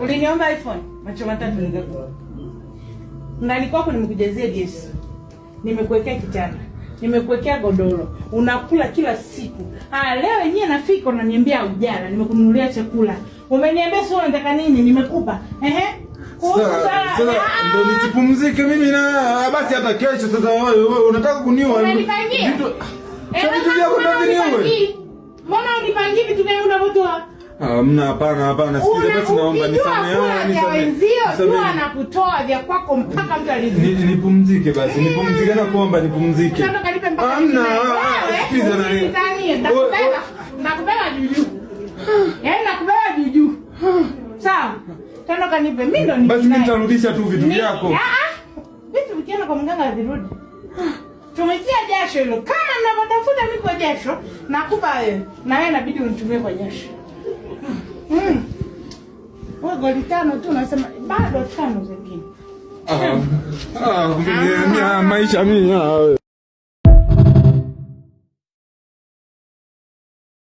Uliniomba iPhone macho matatu nikakupa. Na nilikuwa nimekujazia gesi. Nimekuwekea kitanda. Nimekuwekea godoro. Unakula kila siku. Ah, leo yenyewe nafika unaniambia ujala, nimekununulia chakula. Umeniambia sio unataka nini? Nimekupa. Ehe. Ndio nisipumzike mimi na basi hata kesho sasa wewe unataka kuniua. Eh, vitu vyako ndio viniue. Ah, hamna, hapana, hapana. Sikiza basi, naomba nisamehe, ah, anakutoa vya kwako mpaka mtu alizidi. Nipumzike basi, eh. nipumzike na kuomba nipumzike. Hamna, ah, sikiza na nini, Nakubeba, nakubeba juu. Yaani eh, nakubeba juu juu. Sawa. Tano kanipe mimi ndo basi, Basi nitarudisha tu vitu vyako. ah. Vitu vikienda kwa mganga virudi. Tumetia jasho hilo. Kama mnapotafuta mimi kwa jasho, nakupa wewe. Na wewe inabidi unitumie kwa jasho. Wewe goli tano tu unasema bado tano zingine. Ah, ah, maisha mimi. Ah,